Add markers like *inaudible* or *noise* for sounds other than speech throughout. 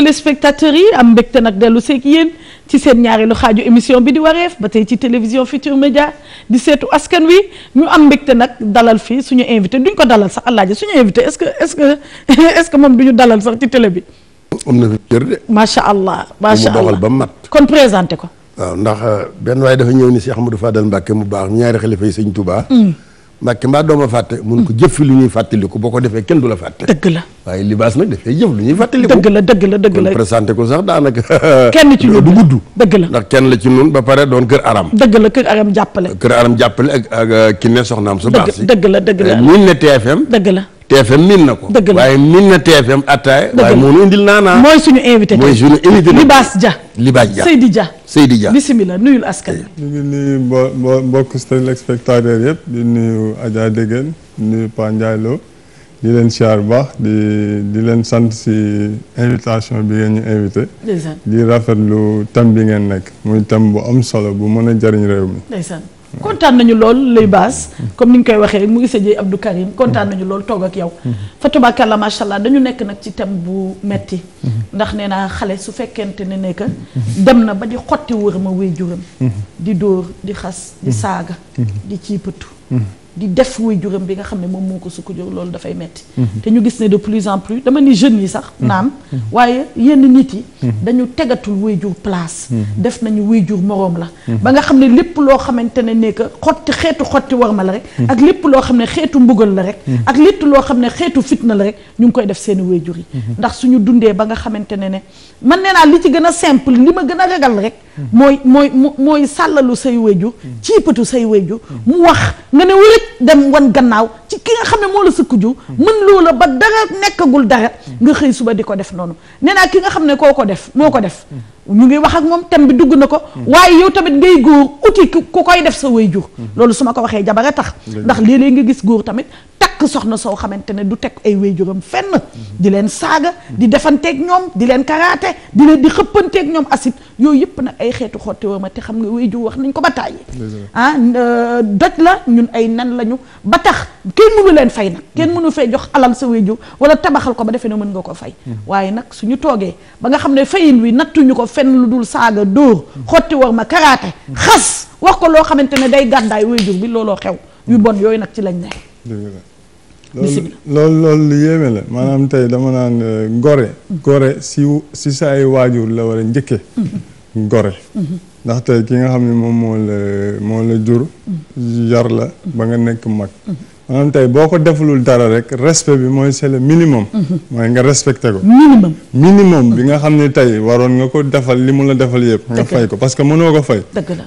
téléspectateurs yi am mbégte nag dellu seeg yéen ci seen ñaareelu xaaju émission bi di wareef ba tey ci télévision Futurs Médias di seetu askan wi ñu am mbégte nag dalal fii suñu invité duñ ko dalal sax àllaaji suñu invité est-ce que est-ce que *laughs* est-ce que moom ñu dalal sax ci télé bi. am na fi cër de. macha allah macha allah ba mat. kon présenté ko. waaw ndax euh, benn waaye dafa ñëw ni Cheikh Amadou Fadal Mbacke mu baax ñaari xalifa yi sëñ Touba. Hmm. mbàkke mbaa dooma fàtte mun ko jëf fi lu ñuy fàttaliku boo ko defee kenn du la fàtte dëgg la waaye libaas nag dafay jëf lu ñuy fàttaliku dëgg la dëgg la dëgg la présenté ko sax daanaka *laughs* kenn ci ñun *laughs* du dëgg la ndax kenn la ci ñun ba pare doon kër aram dëgg la kër aram jàppale kër aram jàppale ak ak ki ne soxnaam su baax si dëgg la dëgg la eh, muy ne TFM dëgg la TFM miin na ko. dëgg la waaye miin na TFM attaay. waaye moom indil naa naa. mooy suñu invité mooy suñu invité Libaas ja Libaas Dia Seydi Dia. Seydi Dia bisimilah nuyul askan wi. ñu ngi nuyu mbo mbo mbokku téléspectateur yëpp di nuyu Adja Degen nuyu Pa Ndiaye di leen siyaar baax di di leen sant si invitation bi ngeen ñu invité. di rafetlu thème bi ngeen nekk muy thème bu am solo bu mën a jariñ réew mi. kontaan nañu lool lay baas comme ni nga koy waxee rek mu ngi sëjee Abdou Karim kontaan nañu lool toog ak yow fa tubaakalla macha allah dañu nekk nag ci thème bu metti ndax nee naa xale su fekkente ne nekk dem na ba di xotti wër ma wéy juram di dóor di xas di saaga di ciipatu di def wuy juram bi nga xam ne moom moo ko sukk jur loolu dafay metti mhm. te ñu gis ne de plus en plus dama ni jeunes yi sax mhm. naam mhm. waaye yenn nit yi dañu tegatul wuy jur place def nañu wuy jur moroom la ba nga xam ne lépp loo xamante ne ne que xotti xeetu xotti war ma la rek ak lépp loo xam ne xeetu mbugal la rek ak lépp loo xam ne xeetu fitna la rek ñu ngi koy def seeni wuy jur yi ndax suñu dundee ba nga xamante ne ne man nee naa li ci gën a simple li ma gën a ragal rek mooy mooy mooy sàllalu say wuy jur ciipatu say wuy jur tëj dem wan gannaaw ci ki nga xam ne moo la sëkk ju mën loola ba dara nekkagul dara nga xëy suba di ko def noonu nee naa ki nga xam ne koo ko def moo ko def ñu ngi wax ak moom thème bi dugg na ko mm. waaye yow tamit ngay góor uti ku koy def sa waajur mm-hmm. loolu su ma ko waxee jabar a tax ndax léeg-léeg nga gis góor tamit takk soxna soo xamante ne du teg ay waajuram fenn mm-hmm. di leen saaga di defanteeg ñoom di leen karaate di leen di xëppanteeg ñoom acide yooyu yëpp nag ay xeetu xotti war ma te xam nga waajur wax nañ ko ba tàyyi ah euh, doj la ñun ay nan lañu ba tax kenn mënu leen fay nag kenn mënu fee jox alal sa waajur wala tabaxal ko ba defee ne mën nga ko fay mm-hmm. waaye nag ko fenn lu dul saaga dóor xotti war ma karaate xas wax ko loo xamante ne day gàddaay waajur bi looloo xew yu bon yooyu nag ci lañ ne loolu loolu yéeme la maanaam tey dama naan euh, gore mm-hmm. gore si si sa ay waajur la war a njëkke mm-hmm. gore mm-hmm. ndaxte ki nga xam ne moom moo la moo la jur yar la ba nga nekk mag maanaam tey boo ko defulul dara rek respect bi mooy sele le minimum. mooy nga respecté ko. minimum bi nga xam ne tey waroon nga ko defal li mu la defal yëpp. nga fay ko parce que mënoo ko fay.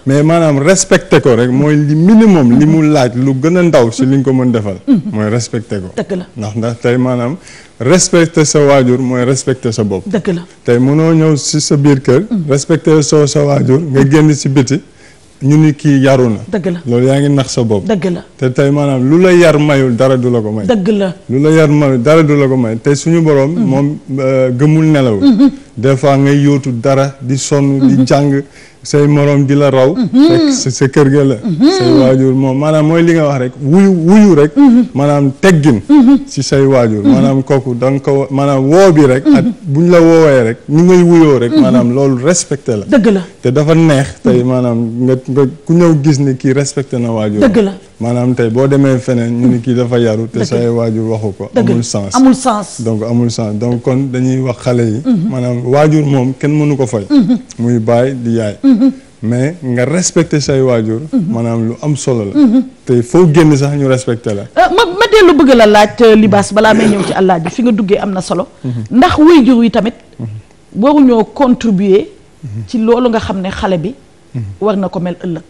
mais maanaam respecté ko rek mooy li minimum li mu laaj lu gën a ndaw si li nga ko mën defal. Mm-hmm. mooy respecté ko. dëgg ndax ndax tey maanaam. respecter sa waajur mooy respecter sa bopp. dëgg la tey mënoo ñëw si sa biir kër. Mm. respecter soo sa waajur nga génn si biti. ñu ni kii yaru na. dëgg la loolu yaa ngi nax sa bopp. dëgg la te tey maanaam lu la yar mayul dara du la ko may. dëgg la lu la yar mayul dara du la ko may te suñu borom. Mm-hmm. moom euh, gëmul nelawul. Mm-hmm. des fois ngay yóotu dara di sonn di mm-hmm. jàng. say morom di la raw. Mhm. fekk sa kër ga la. Mhm. say waajur moom maanaam mooy li nga wax rek wuyu wuyu rek. Mhm. maanaam teggin. si say waajur. maanaam kooku da ko maanaam woo bi rek. ak bu ñu la woowee rek ni ngay wuyoo rek. maanaam loolu respecté la. dëgg la te dafa neex tey maanaam nga ku ñëw gis ni kii respecté na waajur. dëgg la. maanaam tey boo demee feneen ñu ni kii dafa yaru te say waajur waxu ko amul sens amul sens donc amul sens donc kon dañuy wax xale yi mhm. maanaam waajur moom kenn mënu ko fay mhm. muy baay di yaay mhm. mais nga respecté say waajur maanaam lu am solo la te foo génn sax ñu respecté la euh, ma ma dellu bëgg la laaj euh, libaas balaa may ñëw ci àllaaj bi fi nga duggee am na solo ndax waajur wi tamit waruñoo contribuer ci loolu nga xam ne xale bi war na ko mel ëllëg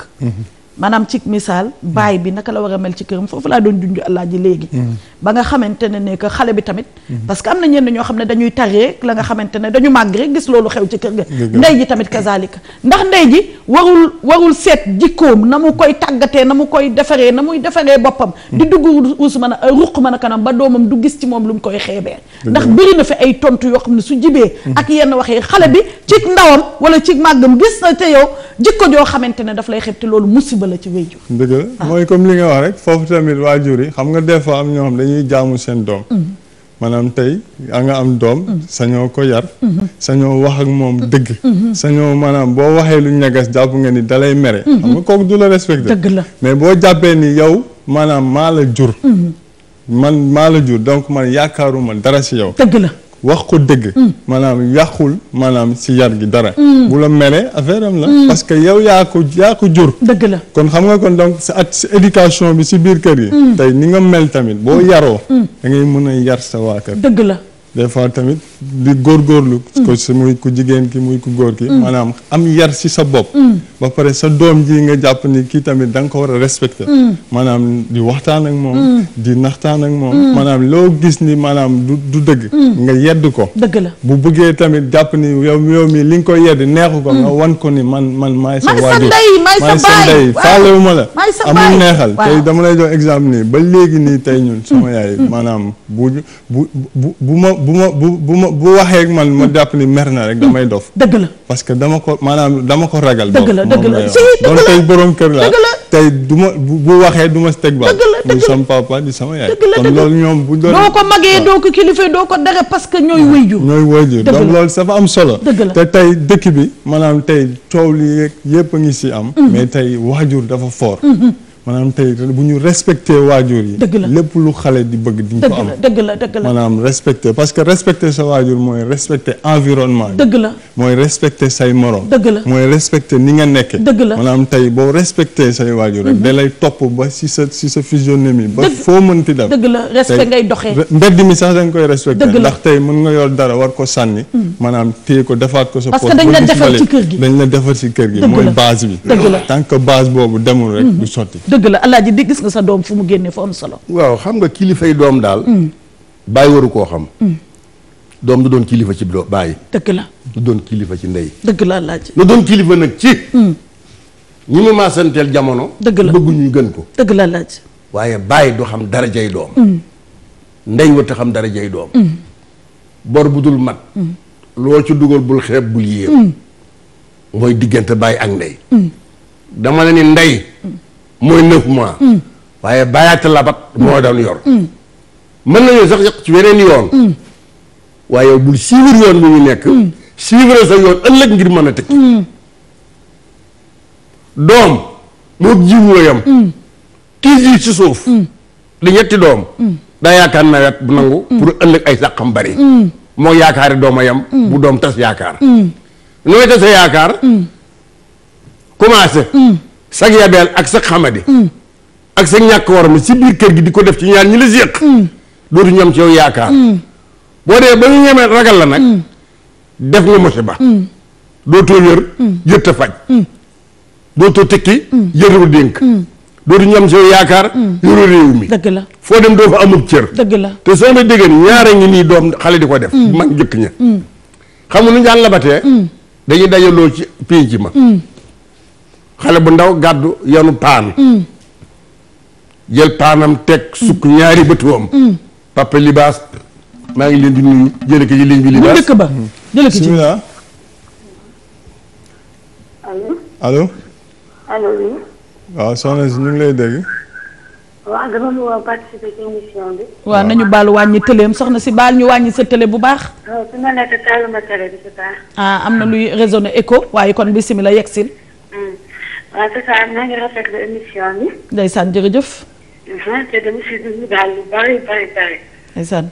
maanaam ci misaal baay bi naka la war a mel ci këram foofu laa doon junj allah ji léegi mm. ba nga xamante ne ne xale bi tamit mm. parce que am na ñenn ñoo xam ne dañuy taree la nga xamante ne dañu màgg rek gis loolu xew ci kër ga ndey ji tamit kazalika ndax ndey ji warul warul seet jikkoom na mu koy tàggatee na mu koy defaree na muy defaree boppam mm. di dugg us mën a euh, ruq mën a kanam ba doomam du gis ci moom lu mu koy xeebee ndax bëri na fi ay tontu yoo xam ne su jibee ak yenn waxee xale bi ci ndawam wala ci màggam gis na te yow jikko joo xamante ne daf lay xeeb te loolu musiba musiba la dëgg la ah. mooy comme li nga wax rek foofu tamit jur yi xam nga des fois am ñoo xam dañuy jaamu seen doom mm. maanaam tey a nga am doom mm. sañoo ko yar mm-hmm. sañoo wax ak moom mm-hmm. dëgg mm-hmm. sañoo maanaam boo waxee lu ñagas jàpp nga ni dalay mere mu nga kooku du la respecté dëgg la mais boo jàppee ni yow maanaam maa la jur man maa la jur donc man yaakaaruma dara si yow dëgg wax ko dëgg. Mm. maanaam yàqul maanaam si yar gi dara. Mm. bu la meree affaire am la. Mm. parce que yow yaa ko yaa ko jur. dëgg la kon xam nga kon donc si at si éducation bi si biir kër gi. tey ni nga mel tamit boo yaroo. da ngay mën a yar sa waa kër. dëgg la. des fois tamit góor góorgóorlu. ko si muy ku jigéen ki muy ku góor ki. maanaam am yar si sa bopp. ba pare sa doom ji nga jàpp ni kii tamit danga ko war a respecté mm. maanaam di waxtaan ak moom mm. di naxtaan ak moom mm. maanaam loo gis ni maanaam du du dëgg nga yedd ko dëgg bu bëggee tamit jàpp ni yow yow mii li nga koy yedd neexu ko nga wan ko ni man man maay sa waajur maay sa ma la amul neexal tey dama lay jox exemple nii ba léegi nii tey ñun sama yaay maanaam bu bu bu bu ma bu ma bu bu ma bu waxee ak man ma jàpp ni mer na rek damay dof dëgg parce que dama ko maanaam dama ko ragal. dëgg la dëgg la tey borom kër la tey du ma bu waxee duma ma si teg baal. muy sama loolu ñoom bu doo ko magee doo ko kilifa doo ko dara parce que ñooy wëyju. ñooy wëyju donc loolu dafa am solo. te tey dëkk bi maanaam tey coow li yëpp a ngi si am. Mm-hmm. mais tey waajur dafa fort. Mm-hmm. maanaam tey bu ñu respecté waajur yi. dëgg la lépp lu xale di bëgg di. ko am dëgg la dëgg respecté parce que respecté sa waajur mooy respecté environnement bi. dëgg la mooy respecté say morom. dëgg mooy respecté ni nga nekkee. dëgg la maanaam tey boo respecté say waajur rek. Mhm. da lay topp ba si sa si sa physionomie. ba foo mën ti dem. dëgg la respect ngay doxee. mbedd mi sax da nga koy respecté. ndax tey mën nga yoon dara war ko sànni. manaam mhm. téye ko defaat ko sa. parce que dañ la defar ci kër gi dañ la defar ci kër gi mooy base bi. dëgg la que base boobu demul rek mhm. du sotti dëgg la alaaji di gis nga sa doom fu mu génnee fu am solo. waaw xam nga kilifay doom daal. Mm. bàyyi waru koo xam. Mm. doom du doon kilifa ci doo bàyyi. dëgg la doon kilifa ci ndey. dëgg la alaaji. du doon kilifa nag ci. Mm. ñi ma maasanteel jamono. dëgg la bëggu gën ko. dëgg la alaaji. waaye bàyyi du xam dara jay doom. ndey wut xam dara jay doom. bor bu dul mat. loo ci dugal bul xeeb bul yéem. mooy diggante bàyyi ak ndey. dama ne ni ndey. mooy neuf mois. waaye bàyyaat labat moo doon yor. mën nañu sax yàq ci weneen yoon. waaye bul suivre yoon bu ñu nekk. suivre sa yoon ëllëg ngir mën a tëj. doom moo jiwu la yam. tiis yi ci suuf. di ñetti doom. daa yaakaar nawet bu nangu. pour ëllëg ay sàqam bari. moo yaakaari doom yam. bu doom tas yaakaar. nooy tasa yaakaar. commencé. sag yabeel ak sa xamadi mm. ak sag ñàkk war ma si biir kër gi di ko def ci ñaar ñi la séq mm. dootu ñoom ci yow yaakaar mm. boo dee ba ragal la nag def nga mose ba dootoo yër tekki yëru dénk dootu ñoom ci yaakaar yoru réew mi foo dem doo fa amul cër dëgg la te soo ma déggan ñaara ngi nii doom xale di ko def mag njëkk ña xam nga nu ñu daan labatee dañuy dajaloo ci pénc ma xale bu ndaw gàddu yanu paan mm. jël paanam teg sukk ñaari bëtuwam mm. papa libaas maa ngi leen di nuyu jële ko ba jële ko ci bismillah allo allo allo oui waaw soxna si ñu lay dégg waaw nañu baal wàññi tëleem soxna si baal ñu wàññi sa tële bu baax. waaw ah, am na luy raisonné écho waaye kon bisimilah yegg si. Mm. waaw c'est ça maa ngi rafetlu émission bi. ndeysaan jërëjëf. Uh-huh, te dama si dund daal lu bari bari bari. ndeysaan.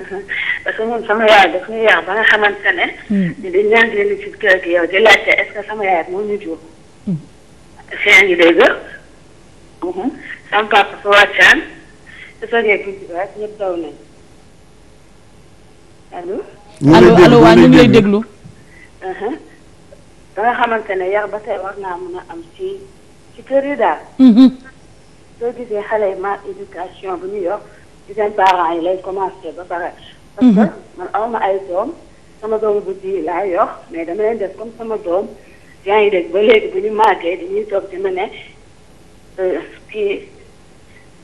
Uh-huh, parce que moom sama yaay daf ñu yar ba nga xamante ne. ñu hmm. dañ daan génn ci kër gi yow di laajte est-ce que sama yaay moo ñu jur. Hmm. si yaa ngi dégg. Uh-huh. sama papa fa wàccaan. te soo dee tuuti ba ñëpp daw nañ. allo allo waa ñu ngi lay déglu. ba nga xamante ne yar ba tey war naa mën a am ci ci kër yi daal. Mm-hmm. soo gisee xale yi ma éducation bu ñu yor ci seen parents yi lay commencé ba pare. Mm-hmm. parce que man awma ay doom sama doom bu ji laa yor mais dama leen comme sama doom yaa ngi dégg ba léegi bu ñu di ñu toog di ma ne euh, kii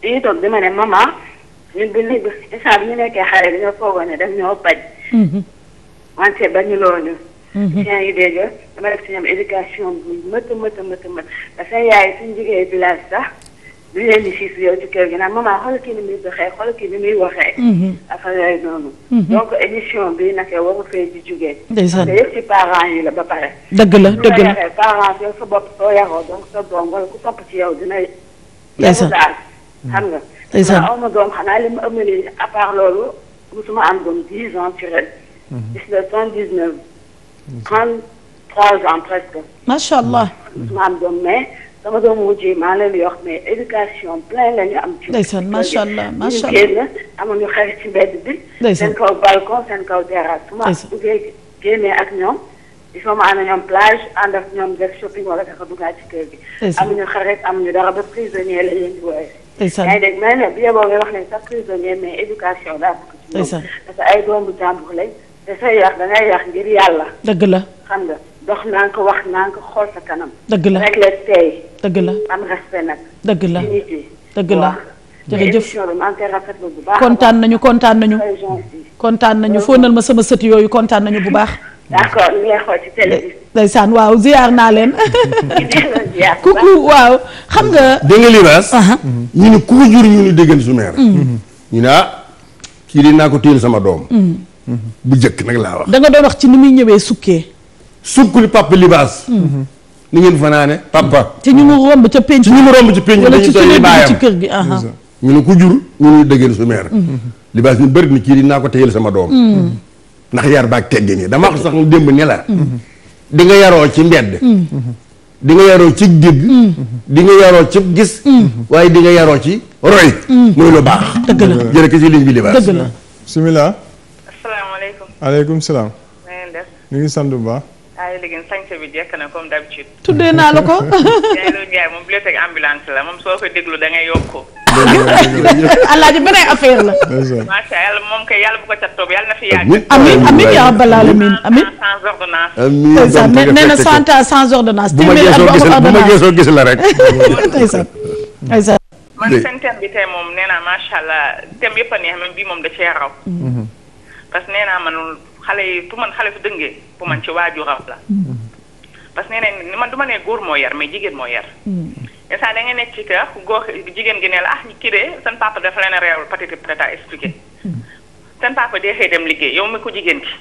dañuy toog di ma ne maman ñun bu i instant bi ñu nekkee xale dañoo foogoon ne daf ñoo bañ. Mm-hmm. wante bañu loo ñu. sëñ mm-hmm. yi dégg dama def si ñoom éducation bu mët a mët a mët a mët parce que yaay suñu jigéen village sax duñ leen di siis yow ci kër gi naan maman xool kii ni muy doxee xool kii ni muy waxee. Mm-hmm. affaire yooyu noonu. Mm-hmm. donc émission bi nag waru fee di jugee. ndeysaan te yëpp ci parents yi la ba pare. dëgg la dëgg la lu parents yow sa bopp soo yaroo donc sa doom wala ku topp ci yow dina. ndeysaan daal xam nga. ndeysaan aw ma doom xanaa li ma ëmb nii à part loolu mosuma am doom 10 ans ci ren. gis nga 119. 33 ans presque. macha allah. maam doom mais sama doom mujj yi maa leen di wax mais éducation plein la ñu am. ci ndeysaan macha allah macha allah ñu génn amuñu xarit ci mbedd bi. seen kaw balcon seen kaw terrasse. su ma buggee génnee ak ñoom. il faut ma ànd ak ñoom plage ànd ak ñoom def shopping wala dafa duggaat ci kër gi. amuñu xarit amuñu dara ba prisonnier la leen di wooyee. ndeysaan yaa ngi dégg mais nag bi yeboo ngay wax ne sax prisonnier mais éducation daa bëgg. ndeysaan parce que ay doomu jàmbur lañ. dafay yar da ngay dëgg la dox naa ko wax naa dëgg la dëgg la tey. dëgg la dëgg la dëgg la jërëjëf kontaan nañu kontaan nañu. kontaan nañu fóonal ma sama sët yooyu kontaan nañu bu baax. d'accord ñu waaw ziar naa leen. kuku *laughs* waaw xam nga. *laughs* dégg nga uh-huh. mhm. ñu ne ku jur ñu ni mm-hmm. ah, kii di naa ko téel sama doom. Mm-hmm. bu jëkk nag laa wax. da nga doon wax ci ni muy ñëwee sukkee. sukkuli papa libaas. Mhm. ni ngeen fanaane papa. ci ñu mu romb ca penc. ci ñu mu romb ci penc wala ci ci kër gi ñu ne ko jur ñu ne dëggeen su meer. Mhm. libaas ñu bëri na kii dinaa ko téyel sama doom. Mhm. ndax yar baag teggee nii dama wax sax mu démb ne la. di nga yaroo ci mbedd. di yaroo ci dégg. di nga yaroo ci gis. waaye di yaroo ci roy. muy lu baax. dëgg la jërëjëf ci ligne bi libaas. dëgg la aleykum salaam. na ngeen def. ñu ngi sant bu baax. na tuddee naa la ko. Ndiaye Lo Ndiaye moom ambulance la moom soo ko déglu da ngay yokk. *laughs* alaaji beneen affaire la. macha moom kay yàlla bu ko cat toog na fi yàgg. amiin yaa rabbal aalamiin amiin. sans ordonnance. amiin nee na sans ordonnance. bu ma gëstoo gis la rek. man moom nee naa allah thème yëpp a moom da cee raw. Mm-hmm. parce que nee naa man xale yi pour man xale su dëngee pour man ci waajuram la. parce que nee nañ man du ma nee góor moo yar mais jigéen moo yar. instant da ngay nekk ci kër góor jigéen gi ne la ah kii de seen papa dafa leen a réewal patati patata expliqué. seen papa dee xëy dem liggéey yow mi ko jigéen ki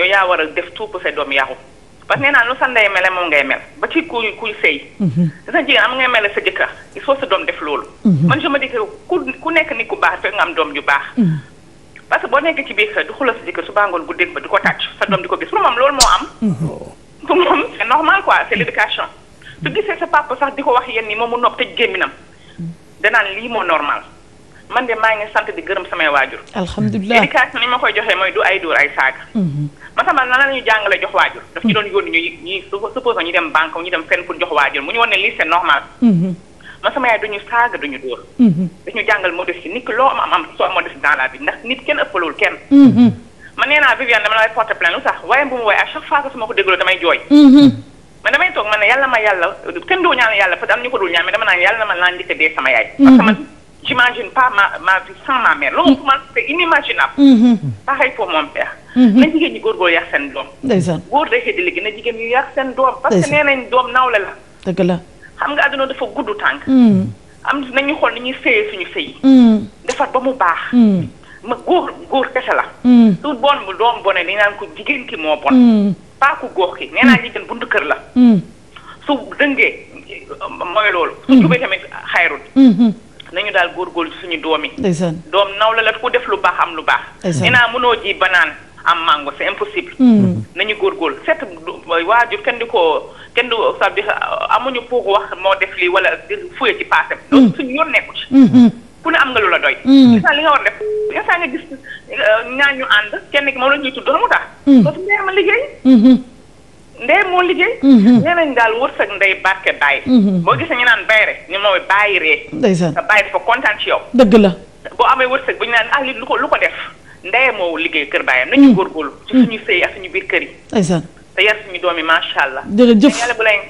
yow yaa war def tout pour doom yaru parce que nee naa lu sa ndey mele moom ngay mel ba ci kuy kuy sëy. sa jigéen am ngay mel sa jëkkër il faut sa doom def loolu. Mm-hmm. man je me ku ku nekk nit ku baax fekk nga am doom ju baax. parce que boo nekkee ci biir kër du xuloo si jëkkër su bàngoon guddeeg ba di ko tàcc sa doom di ko gis pour moom loolu moo am. pour mm-hmm. *laughs* moom c'est normal quoi c'est l'éducation. su gisee sa papa sax di ko wax yenn yi moom mu nopp tëj gémminam mm-hmm. danaan lii moo normal man de maa ngi sant di gërëm samay waajur. alhamdulilah éducation ni koy joxee mooy du ay dóor ay saaga. Mm-hmm. ma sama nan la ñuy jàngale jox waajur. daf ci doon yónni ñuy ñuy supposons ñu dem banque ñu dem fenn pour jox waajur mu ñu wan ne lii c'est man sama yaay duñu saaga duñu dóor. Mm-hmm. dañu jàngal modestie nit ki loo am am soo modestie dans la vie ndax nit kenn ëppalul kenn. Mm-hmm. man nee naa Viviane dama lay porter plainte lu tax waaye bu mu woowee à chaque fois que su ma ko dégloo damay mm-hmm. ma yàlla kenn doo yàlla que am ñu ko dul ñaan ma naan njëkk a dee sama yaay. parce que man j'imagine ma ma vie ma mère. loolu pour man c'est inimaginable. pareil pour na jigéen ñu yar seen doom. parce que doom nawle la. dëgg la. xam nga àdduna dafa gudd tànk. Mm. am nañu xool ni ñuy sëyee suñu sëy. Mm. defar ba mu baax. Mm. ma góor góor kese la. su bon bu doom bone ni naan ko jigéen ki moo bon. pas góor ki nee naa jigéen buntu kër la. su dëngee euh, mooy loolu. su jubee mm-hmm. nañu daal góorgóorlu suñu doom yi. doom naw la la ku def lu baax am lu baax. nee naa mënoo ji banaan am màngo c'est impossible. nañu góorgóorlu certes waajur kenn di ko. kenn du amuñu pour wax moo def lii wala fuye ci paasam. Mm. loolu suñu yoon nekku mm-hmm. ku ne am nga lu la doy. Mm. instant li nga war def instant nga gis euh, ñaar ñu ànd kenn ki moom la ñuy tudd lu mu tax. Mm. parce que ndeyam a liggéey. Mm-hmm. ndey moo mm-hmm. nañ daal wërsëg ndey barke bàyyi. boo gisee ñu naan bàyyi rek ñu mooy bàyyi ree. ndeysaan te kontaan ci yow. dëgg la boo amee wërsëg bu ñu naan ah li lu ko lu ko def ndey moo liggéey kër bàyyam nañu góorgóorlu. ci suñu sëy a suñu biir kër yi. ndeysaan te yar suñu doom yi macha allah. jërëjëf yàlla bu leen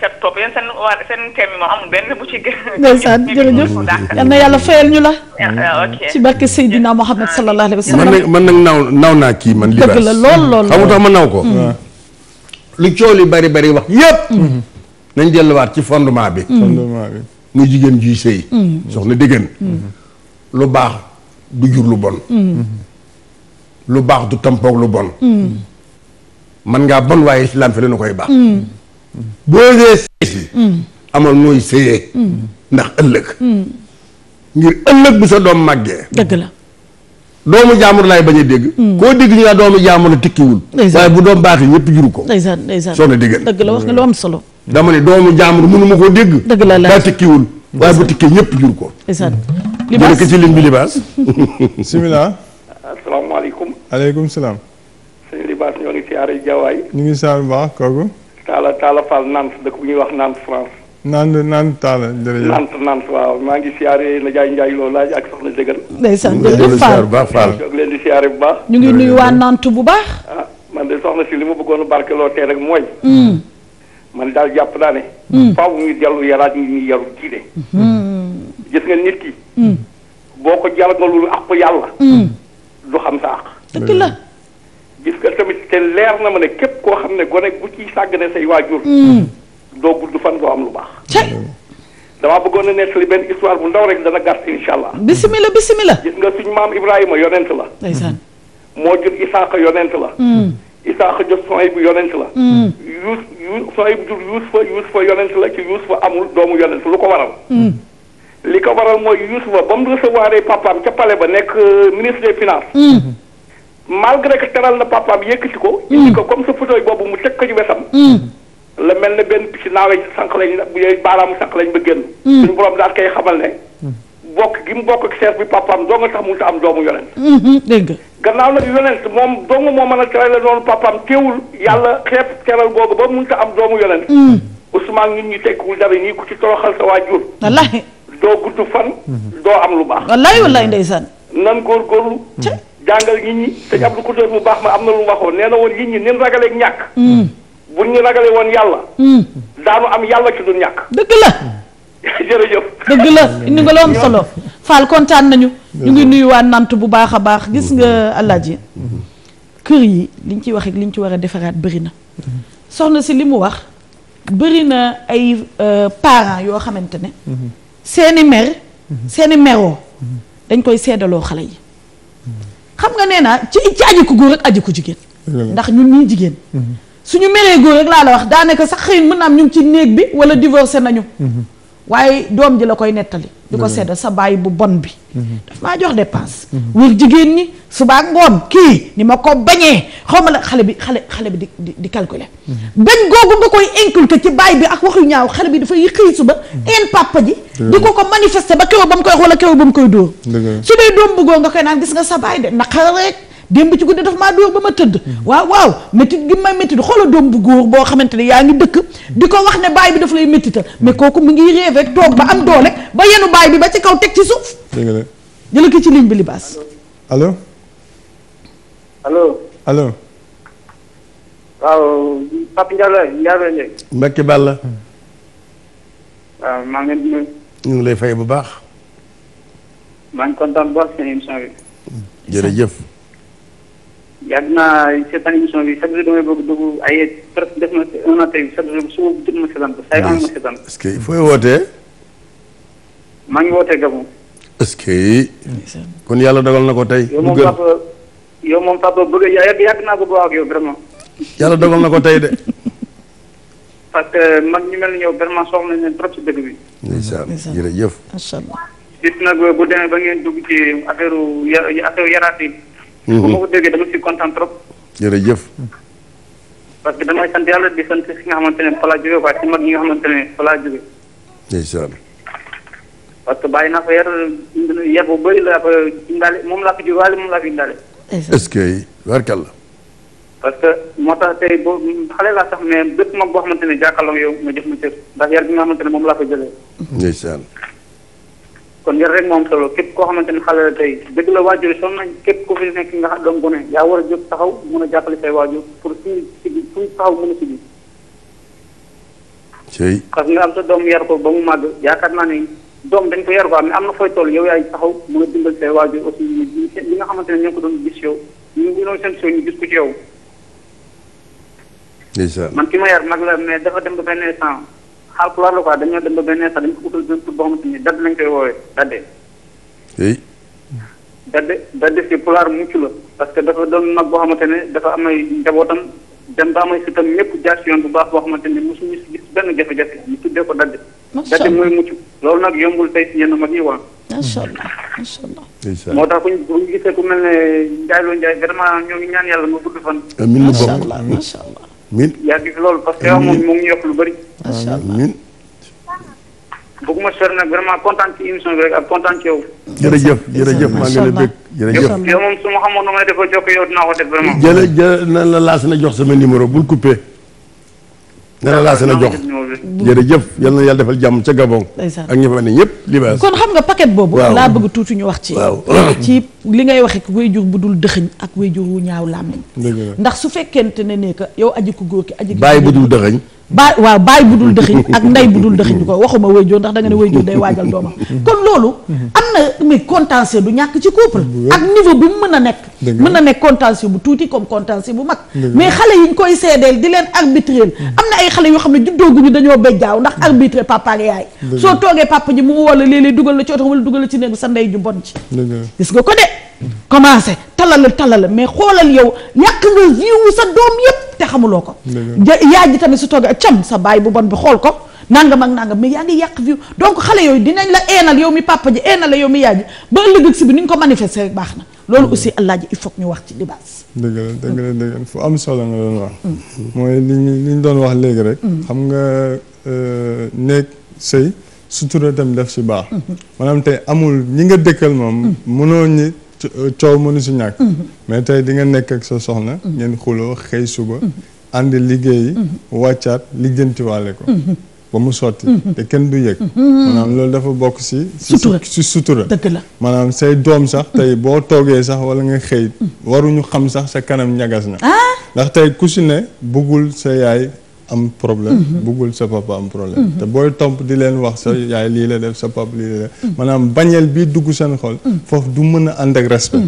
kat *laughs* na yàlla fayal ñu la. Ah, ci barke Seydina Mohamed ah. sallallahu alayhi man nag man nag naaw naaw naa kii man. libaas dëgg la lool lool lool lu hmm. coow li bari bari wax yëpp. Hmm. nañ delluwaat ci fondement bi. Hmm. fondement bi muy jigéen juy sëy. soxna déggan. lu baax du jur lu bon. lu baax du tampoog lu bon. man ngaa bon waaye islam fi la koy baax. Mm. boo dee sëy si. Mm. amal nooy sëyee. Mm. ndax ëllëg. ngir ëllëg bu sa doom màggee. dëgg la. doomu jaamur laay bañ a dégg. koo dégg ñu ne doomu jaamur la tikkiwul. waaye bu doom baaxee ñëpp juru ko. ndeysaan ndeysaan soxna dégg dëgg la wax nga lu am solo. dama ne doomu jaamur mënu ma koo dégg. dëgg la daa tikkiwul. waaye bu tikkee ñëpp juru ko. ndeysaan libaas jërëjëf ci ligne bi libaas. *laughs* salaam. Bass ñoo ngi siyaare jawaay ñu ngi siyaare bu baax kooku. Talla Talla Fall Nantes dëkk bu ñuy wax Nantes France. Nantes Nantes Talla nant Nantes waaw maa ngi siyaare na jaay njaay loolu laaj ak soxna Déggal. ndeysaan jërëjëf Fall ñu ngi leen bu baax. ñu bu baax. ah man de soxna si li ma bëggoon barkeloo tey rek mooy. Hmm. man daal jàpp naa ne. Hmm. faaw ñu dellu yaraat ñu ñu yaru kii de. Hmm. gis nga nit ki. boo ko jàngalul ak yàlla. du xam sa àq. dëgg la. gis nga tamit te leer na ma ne képp koo xam ne gone bu ciy sàggane say waajur. Hmm. doo gudd fan doo lu baax. damaa bëggoon a nettali benn histoire bu ndaw rek dana gàtt incha allah. bisimila bisimila. gis nga suñu maam Ibrahima yonent la. ndeysaan. moo jur Isaaxa yonent la. Hmm. Isaaxa jur Suwaybu yonent la. Hmm. Yuus Yuus Suwaybu jur Yuusufa Yuusufa yonent la ci Yuusufa amul doomu yonent lu ko waral. li ko waral mooy Yuusufa ba mu recevoir papaam ca palais ba nekk euh, ministre des finances. malgré que teral na papaam yëkkati ko. Mm. indi ko comme sa fauteuil boobu mu teg ko ci wesam. Mm. la mel na benn picc naaw lañ sànq lañ bu yooyu baaraamu sànq ba génn. Mm. suñu borom daal koy xamal ne. bokk gi mu bokk ak sees bi papaam doo nga tax mun ta am doomu yonent mm-hmm. dégg nga gannaaw nag yonent moom doomu moo mën a teral la noonu papaam teewul yàlla xeeb teral googu ba mun ta am doomu yonent Ousmane ñun ñu tekkiwul dara nii ku ci toroxal sa waajur wallaahi doo gudd fan mm-hmm. doo am lu baax wallaahi wallaahi ndeysaan jàngal nit ñi mm. sëñ Abdou Couture bu baax ma am na lu mu waxoon nee na woon nit ñi nin ragalee ñàkk mm. bu ñu ragalee woon yàlla mm. daanu am yàlla ci du ñàkk dëgg la *laughs* jërëjëf dëgg la indi nga lu am solo Fall kontaan nañu ñu ngi nuyu Nant bu baax a baax gis nga Alaaji mm-hmm. kër yi liñ ciy wax ak liñ ci war a defaraat bëri na mm-hmm. soxna si li mu wax bëri na ay euh, parents yoo xamante ne mm-hmm. seeni mer seeni meroo dañ koy seddaloo xale yi xam nga nee naa ci ci aji ku góor ak aji ku jigéen. ndax ñun ñii jigéen. Mhm. suñu meree góor rek laa la wax daanaka sax xëy mën naa ñu ci néeg bi wala divorcé nañu. Mhm. waaye doom ji la koy nettali di ko mm-hmm. sedda sa baay bu bon bi mm-hmm. daf maa jox dépense mm-hmm. wér jigéen ni suba ak ngoon kii ni ma ko bañee xaw ma la xale bi xale xale bi di di di calculer bañ googu nga koy inculquer ci bàyyi bi ak wax yu ñaaw xale bi dafa xëy suba een papa ji di ko ko manifester ba keroog ba mu koy wax wala keroog ba mu koy dóor su dee doom bëggoo nga koy naan gis nga sa baay de naqar rek démb ci guddi daf maa dóor ba ma tëdd waaw waaw métit gi ma métit xoola doom bu góor boo xamante ne yaa ngi dëkk di ko wax ne baay bi dafa lay métital mais kooku mu ngi rêve rek toog am doole ba yenu baay bi ci kaw teg ci suuf jëla ko ci ligne bi libaas allo allo allo waaw Pape Ndiaye Ndiaye maa ngi leen di nuyu. ñu ngi lay fay bu baax. maa ngi kontaan yàgg naa seetaan émission bi chaque jour damay bëgg dugg ay presque def na un an tey chaque jour su ma jot ma seetaan ko. saa ma seetaan ko. est-ce que fooy wootee. maa ngi wootee Gabon. est kon yàlla dogal na ko tey. yow moom Papa yow moom Papa bëgg yàgg yàgg naa bëgg wax ak yow vraiment. na ko tey de. parce que ñu mel ni yow vraiment soxla leen trop bi. ndeysaan bu demee ba ngeen dugg ci affaire affaire yaraat bu mm-hmm. ma ko déggee dama si kontaan trop. jërëjëf. parce que damay sant yàlla di sant si nga xamante ne fa laa jógee quoi si mag ñi nga xamante ne fa laa jógee. parce que bàyyi naa fa yar yar bu bëri laa fa indaale moom laa fi jógaale moom laa fi indaale. est-ce que barkalla. tax tey boo xale laa sax mais bépp mag boo xamante ne jàkkaarloo yow ma jox ma cër ndax bi nga xamante ne moom laa fa jëlee. kon yar rek moom solo képp koo xamante ni xale la tey dëgg la waajur sonn nañ képp ku fi nekk nga xam doom gone yaa war a jóg taxaw mën a jàppale say waajur pour suñu sigi fu ñu taxaw mën a sigi parce que nga am sa doom yar ko ba mu màgg yaakaar naa ne doom dañ ko yar ko mais am na fooy toll yow yaay taxaw mën a dimbal say waajur aussi ñi nga xamante ne ñoo ko doon gis yow ñu ngi doon seen soo ñu gis ko ci yow man ki ma yar mag la mais dafa dem ba benn instant alpulaar la quoi dañoo dem ba benn sax dañ ko utal benn tur boo xamante ni dadd lañ koy woowee dadde. oui. dadde dadde si pulaar mucc la parce que dafa doon mag boo xamante ne dafa am ay njabootam dem ba am ay sëtam ñëpp jaar si yoon bu baax boo xamante ne mosuñu si gis benn jafe-jafe ñu tuddee ko dadde. macha dadde mooy mucc loolu nag yombul tey si yenn mag yi waa. macha allah macha allah. moo tax bu ñu bu ñu gisee ku mel ne Ndiaye Lo Ndiaye vraiment ñoo ngi ñaan yàlla mu gudd fan. amiin macha allah macha allah min yaa gis loolu parce que moom mu yokk lu bari macha allah min. bëgguma sori nag vraiment kontaan ci émission bi rek ak kontaan ci yow. jërëjëf jërëjëf maa ngi lay bëgg jërëjëf. yow moom su ma xamoon nu may defoo jokkoo yow dinaa ko def vraiment. jële na la laas na jox sama numéro bul coupé. nee na laa seen a jox jërëjëf yal na yàlla defal jàmm ca Gabon ak ñi fa ne ñëpp libaas kon xam nga paquet boobu laa bëgg tuuti ñu wax ci *coughs* ci li ngay waxe wéyjur bu dul dëxëñ ak wéyjur wu ñaaw làmmiñ ndax su fekkente ne ne que yow aji ku góor ki aji bàyyi bu dul dëxëñ baay waaw baay bu dul dëxiñ ak ndey bu dul dëxiñ ko waxuma wayjoo ndax da nga ne wayjoo day waajal doomam kon loolu am na mais contentieux du ñàkk ci couple ak niveau bi mu mën a nekk mën na nekk contentieux bu tuuti comme contentieux bu mag mais xale yi ñu koy seedeel di leen arbitrer mm. am na ay xale yoo xam ne juddooguñu dañoo bejjaaw ndax mm. arbitrer papa ak yaay soo toogee papa ji mu wala léeg-léeg dugal la ci oto wala dugal la ci néegu sa ndey ju bon ci gis nga ko de commencé talala talala mais xoolal yow yàq nga yiwu sa doom yépp te xamuloo ko yaay ji tamit su toogee cam sa baay bu bon bi xool ko nangam ak nangam mais yaa ngi yàq viw donc xale yooyu dinañ la eenal yow mi pàppa ji eenal la yow mi yaay ji ba ëllëg si bi ni ñu ko manifester rek baax na loolu aussi allah ji il faut ñu wax ci libaas dëgg la dëgg la dëgg la fu am solo nga doon wax mm. mooy li ñu li doon wax léegi rek mm. xam nga euh, néeg sëy sutura tam def si baax mm-hmm. maanaam tey amul ñi nga dëkkal moom mm. mënoo ñi Euh, coow mënu si ñàkk. Mhm. mais tey di nga nekk ak sa soxna. Mhm. ngeen xuloo xëy suba. Mhm. ànd liggéeyi. wàccaat lijjantiwaale ko. ba mu sotti. te kenn du yëg. maanaam loolu dafa bokk si. sutura si sutura. dëgg maanaam say doom sax tey boo toogee sax wala nga xëy. waruñu xam sax sa kanam njagas na. Ah. ndax tey ku si ne bëggul sa yaay. am problème mhm. buggul sa papa am problème mhm. te booy tomp di leen wax sa mhm. yaay lii la def sa papa lii la def maanaam bañeel bi dugg seen xol foofu du mën a ànd ak respect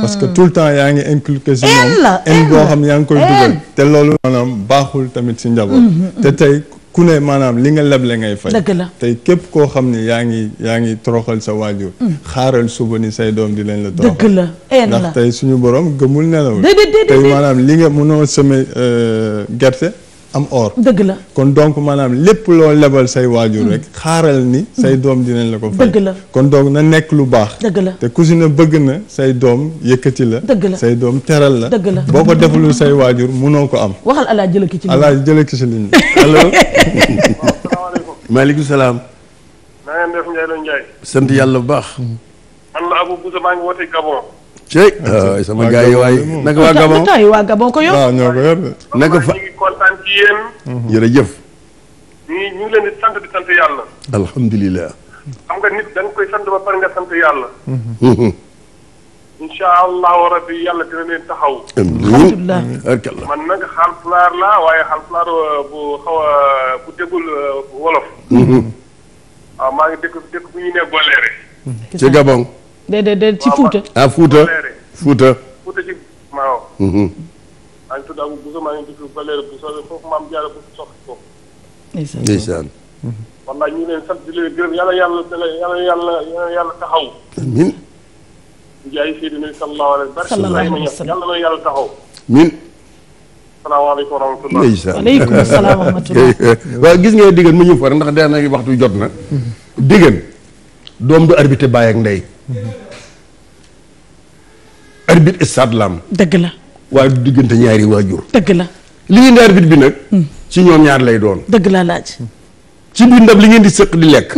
parce que tout le temps yaa ngi inculqué si moom en boo xam yaa ngi koy dugal te loolu maanaam baaxul tamit si njaboot te tey ku ne maanaam li nga leble ngay fay tey képp koo xam ni yaa ngi yaa ngi toroxal sa waajur xaaral suba ni say doom di leen la toroxal ndax tey suñu borom gëmul nelawul tey maanaam li nga mënoo seme euh, gerte am or. dëgg la kon donc maanaam lépp loo lebal say waajur hmm. rek. xaaral ni hmm. say doom dinañ la ko fay. dëgg la kon donc na nekk lu baax. dëgg la te ku bëgg na say doom yëkkati la. dëgg say doom teral la. dëgg la boo ko defalul say waajur munoo ko am. waxal allah jëlee ci ligne bi allah jëlee ki ci ligne bi allo. *laughs* maaleykum salaam. na ngeen def Ndiaye la Ndiaye. sant yàlla bu baax. maa ngi wootee Gabon. cey eh, sama gars yi waay naka waa Gabon lu tax waa Gabon fa ñu ngi kontaan ci yéen. jërëjëf. ñu ñu ngi leen di sant nit da koy sant ba pare nga sant yàlla. incha allahu rabi yàlla dina leen man nag xaalpulaar laa waaye xaalpulaar bu xaw eh, eh, wolof. waaw maa ngi bu ñu nee Goléré. ci Gabon. déedéet déedéet ci Fouta. ah Fouta Fouta. Fouta ci waaw. Ah, mm-hmm. maa ngi tudd Abou Bousso maa mm-hmm. ñu leen sant di leen di yàlla na yàlla taxaw. amiin. salaamaaleykum *laughs* gis ngeen diggante mu ñu fa ndax dee na waxtu jot na. Mm-hmm. diggante doom du arbitre baay ak ndey. Mhm. arbitre stade lam dëgg la waaye du diggante ñaari waajur dëgg la li ngeen di arbitre bi nag mhm. ci ñoom ñaar lay doon dëgg laa laaj mhm. ci biir ndab li ngeen di sëq di lekk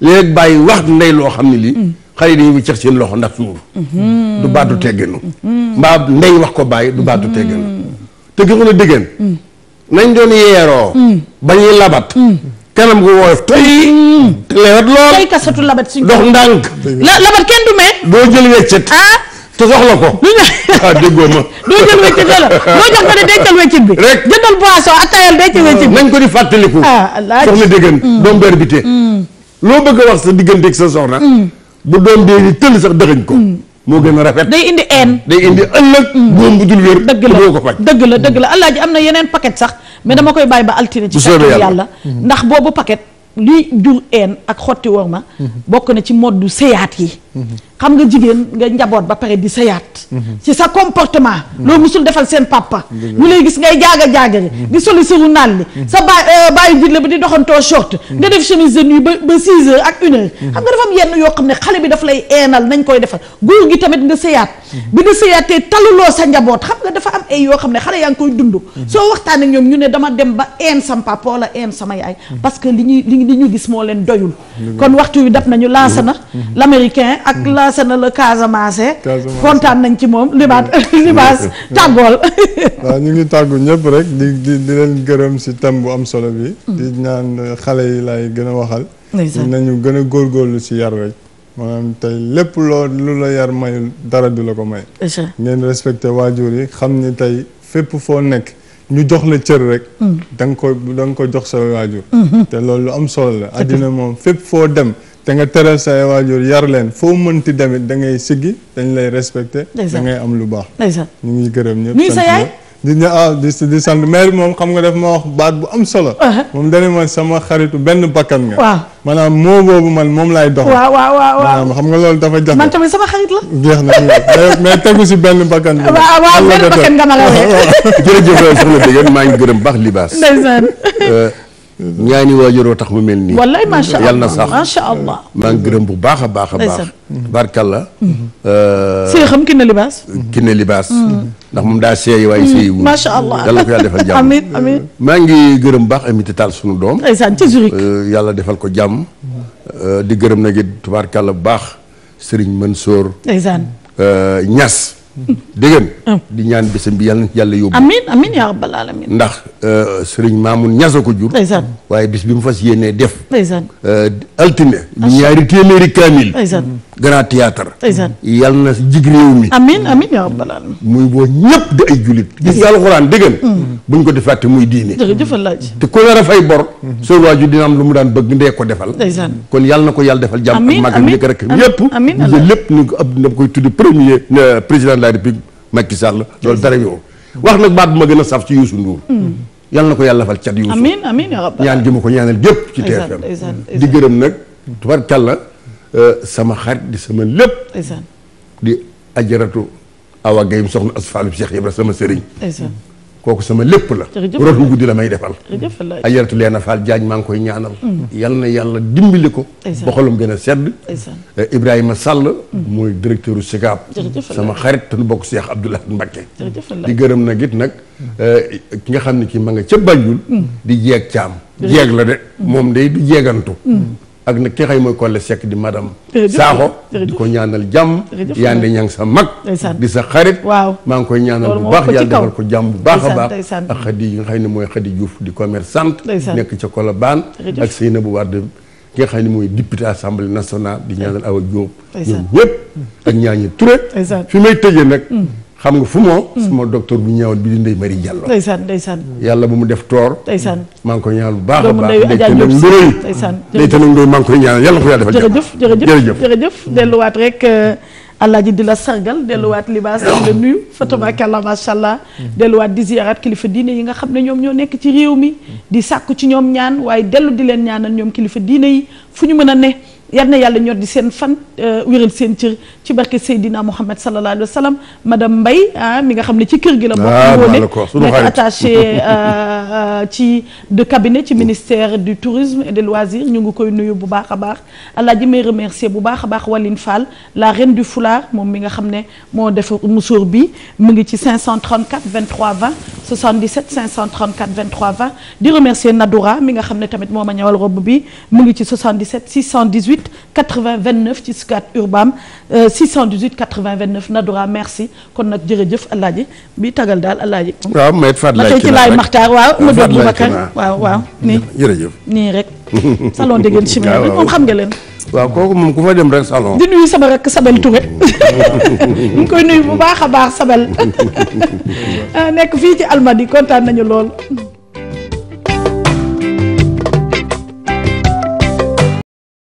léeg bàyyi wax ndey loo xam ne li xale yi dañuy wiccax seen loxo ndax suur du baatu tegginu mbaa ndey wax ko bàyyi du baatu tegginu te gën a dëggeen nañ doon yeeroo bañuy labat kanam go woyof tey lewet lool tey kasatu labat suñ dox ndànk labat kenn du mee doo weccet ah te soxla ko *laughs* ah déggoo ma *laughs* doo jël weccet la loo jox ko ne dencal weccet bi rek jëndal boisson attayal ah, weccet bi nañ ko di fàttaliku ah, soxna déggan mm. doom berbité mm. loo bëgg a wax sa digganteeg sa soxna mm. bu doom dee di tëll sax dëxëñ ko moo gën a rafet day indi een day indi ëllëg góom mm. bu dul wér dëgg la doo ko faj dëgg la dëgg la mm. alaaji am na yeneen paquet sax mais dama koy bàyyi ba altine ci kàttan yàlla mm. ndax boobu paquet luy jur een ak xotti war ma mm-hmm. bokk na ci moddu séyaat yi xam nga jigéen nga njaboot ba pare di sëyaat mhm. ci sa comportement mhm. loolu musul defal seen papa ñu lay gis ngay jaaga jaagari mhm. di soli siru naan li sa baay euh, baayu vidle bi di doxantoo short nga def chemise de nuit ba ba six heures xam nga am yenn yoo xam ne xale bi daf lay eenal nañ koy defal góor gi tamit nga sëyaat bi nga sëyaatee taluloo sa njaboot xam nga dafa am ay yoo xam ne xale yaa ngi koy dund soo waxtaan ak ñoom ñu ne dama dem ba een sam papa wala een sama yaay parce que li ñuy li ñu gis moo leen doyul kon waxtu wi dab nañu lancé na l'américain ak laasana la Casamance. kontaan nañ ci moom libaat libaas *laughs* tàggool. *laughs* waaw ñu ngi tàggu ñëpp rek di di di leen gërëm si thème bu am solo bi. Mm. di naan xale yi laay gën a waxal. nañu gën a góor góorgóorlu si yar rek. maanaam tey lépp loo lu la yar mayul dara du la ko may. ngeen respecté waajur yi xam ni tey fépp foo nekk. ñu jox la cër rek. Mm. da ko da ko jox sa waajur. Mm-hmm. te loolu lu am solo la. addina moom fépp foo dem. te nga teral sa waajur yar leen foo mënti demit da ngay siggi dañ lay respecté da ngay am lu baax ñu ngi gërëm ñëpp nuyu sa yaay di ah di di sant maire moom xam nga def ma wax baat bu am solo uh-huh. moom dane ma sama xaritu benn bakkan nga maanaam moo man moom laay dox waaw xam nga loolu dafa jafe man tamit sama xarit la jeex mais tegu si benn bakkan bi waaw waaw benn bakkan nga ma la *laughs* jërëjëf soxna maa ngi gërëm baax libaas ndeysaan euh, Mhm. ñaani waajuroo tax mu mel nii. wallaay macha allah na sax macha allah. Mhm. maa ngi gërëm bu baax a baax a baax. Mhm. barkalla. Euh, sëy xam Kiné Libaas. Euh, Kiné Libaas. ndax moom daa seey waaye seeyiwul. macha allah ko yàlla defal maa ngi gërëm baax Amity Tall sunu doom. ndeysaan ca Zurich. Euh, yàlla defal ko jàmm. di gërëm na nag it tubaarkalla bu baax Serigne Mansour. ndeysaan Niass. dégg di ñaan bésam bi yàlla na yàlla yóbbu. amiin amiin yaa rabbal ndax euh, sëriñ Mamoun ñasa ko jur. ndeysaan waaye bis bi mu fas yéenee def. ndeysaan euh, altine. ñaari téeméeri kaamil. grand théâtre yal na jig réew mi amiin amiin yaa rabbal aalamiin muy boo ñëpp di ay julit gis nga alxuraan dëggan mm. buñ ko di fàtte muy diine te ku nar a fay bor soo waaju dina am lu mu daan bëgg ndee ko defal kon yal na ko yàlla defal jàmm ak màggal ñi ko rek ñëpp ñu lépp ñu ko koy tuddi premier président la république Macky Sall loolu dara yow wax nag baat bu ma gën a saf ci Youssou Ndour mm. yal na ko yàlla fal cat Youssou ñaan gi ko ñaanal gépp ci TFM di gërëm nag tubarkàlla Euh, sama xarit di sama lépp. di ajaratu Awa Guèye mu soxna asfaalu seex Ibrahima sama sëriñ. kooku sama lépp la. rotu guddi la may defal. ajaratu Leena Fall Jaañ maa ngi koy ñaanal. Mm-hmm. yal na yàlla dimbali ko. ba xolam gën a sedd. Euh, Ibrahima Sall. muy mm-hmm. directeur u sama xarit te nu bokk Cheikh Abdoulaye Mbacke. di gërëm nag it nag euh, ki nga xam ne kii ma nga ca Banjul. Mm-hmm. di jeeg caam. jeeg la de moom day du jeegantu. ak nag ki xëy mooy Collé Seck di madame Sakho di ko ñaanal jàmm yaande ñang sa mag di sa xarit maa ngi koy ñaanal bu baax yàlla defal ko jàmm bu baax a baax ak xadi yi nga xam ne mooy xadi Diouf di commerçante nekk ca baan ak Seynabou Wade ki nga xam ne mooy député assemblée nationale di ñaanal Awa Diop ñoom ñëpp mm. ak ñaañi Touré fi may tëjee nag mm. xam nga fu moo sama docteur bu ñëwoon bi di Ndeye Marie Diallo ndeysaan ndeysaan yàlla bu mu def toor ndeysaan maa ngi koy ñaanal bu baax a baax day tanag ndoy maa ngi koy ñaanal ko yàlla defal jërëjëf jërëjëf jërëjëf delluwaat rek euh, Alaaji di la sargal delluwaat libaas di la nuyu fa tabarakallah masha allah delluwaat di ziyaaraat kilifa diine yi nga xam ne ñoom ñoo nekk ci réew mi di sàkku ci ñoom ñaan waaye dellu di leen ñaanal ñoom kilifa diine yi fu ñu mën a ne yal na yàlla ñor di seen fan euh, wéral seen cër ci barke Seydina Mouhamed sallallahu alayhi wa sallam madame Mbaye ah mi nga xam ne ci kër gi la bokk woone ah, nekk attaché euh, euh, ci de cabinet ci ministère du tourisme et des loisirs ñu ngi koy nuyu bu baax a baax alaaji may remercier bu baax a baax Waline Fall la reine du foulard moom mi nga xam ne moo defar musóor bi mu ngi ci 534 23 20 di remercier Nadoura mi nga xam ne tamit moo ma ñëwal robe bi mu ngi ci 77 618 80 29 ci Scat Urbam 618 80 29 Nadoura merci kon nag jërëjëf Alaaji bi tagal daal Alaaji. waaw may fàttali laay ci laay maxtaar waaw ma doon lu ma kan waaw waaw. nii jërëjëf nii rek. salon dégg ngeen chimère bi moom xam nga leen. waaw kooku moom ku fa dem rek salon. di nuyu sama rakk Sabel Touré *laughs* ñu ngi koy nuyu bu baax a baax Sabel *laughs* ah, nekk fii ci Almadi kontaan nañu lool.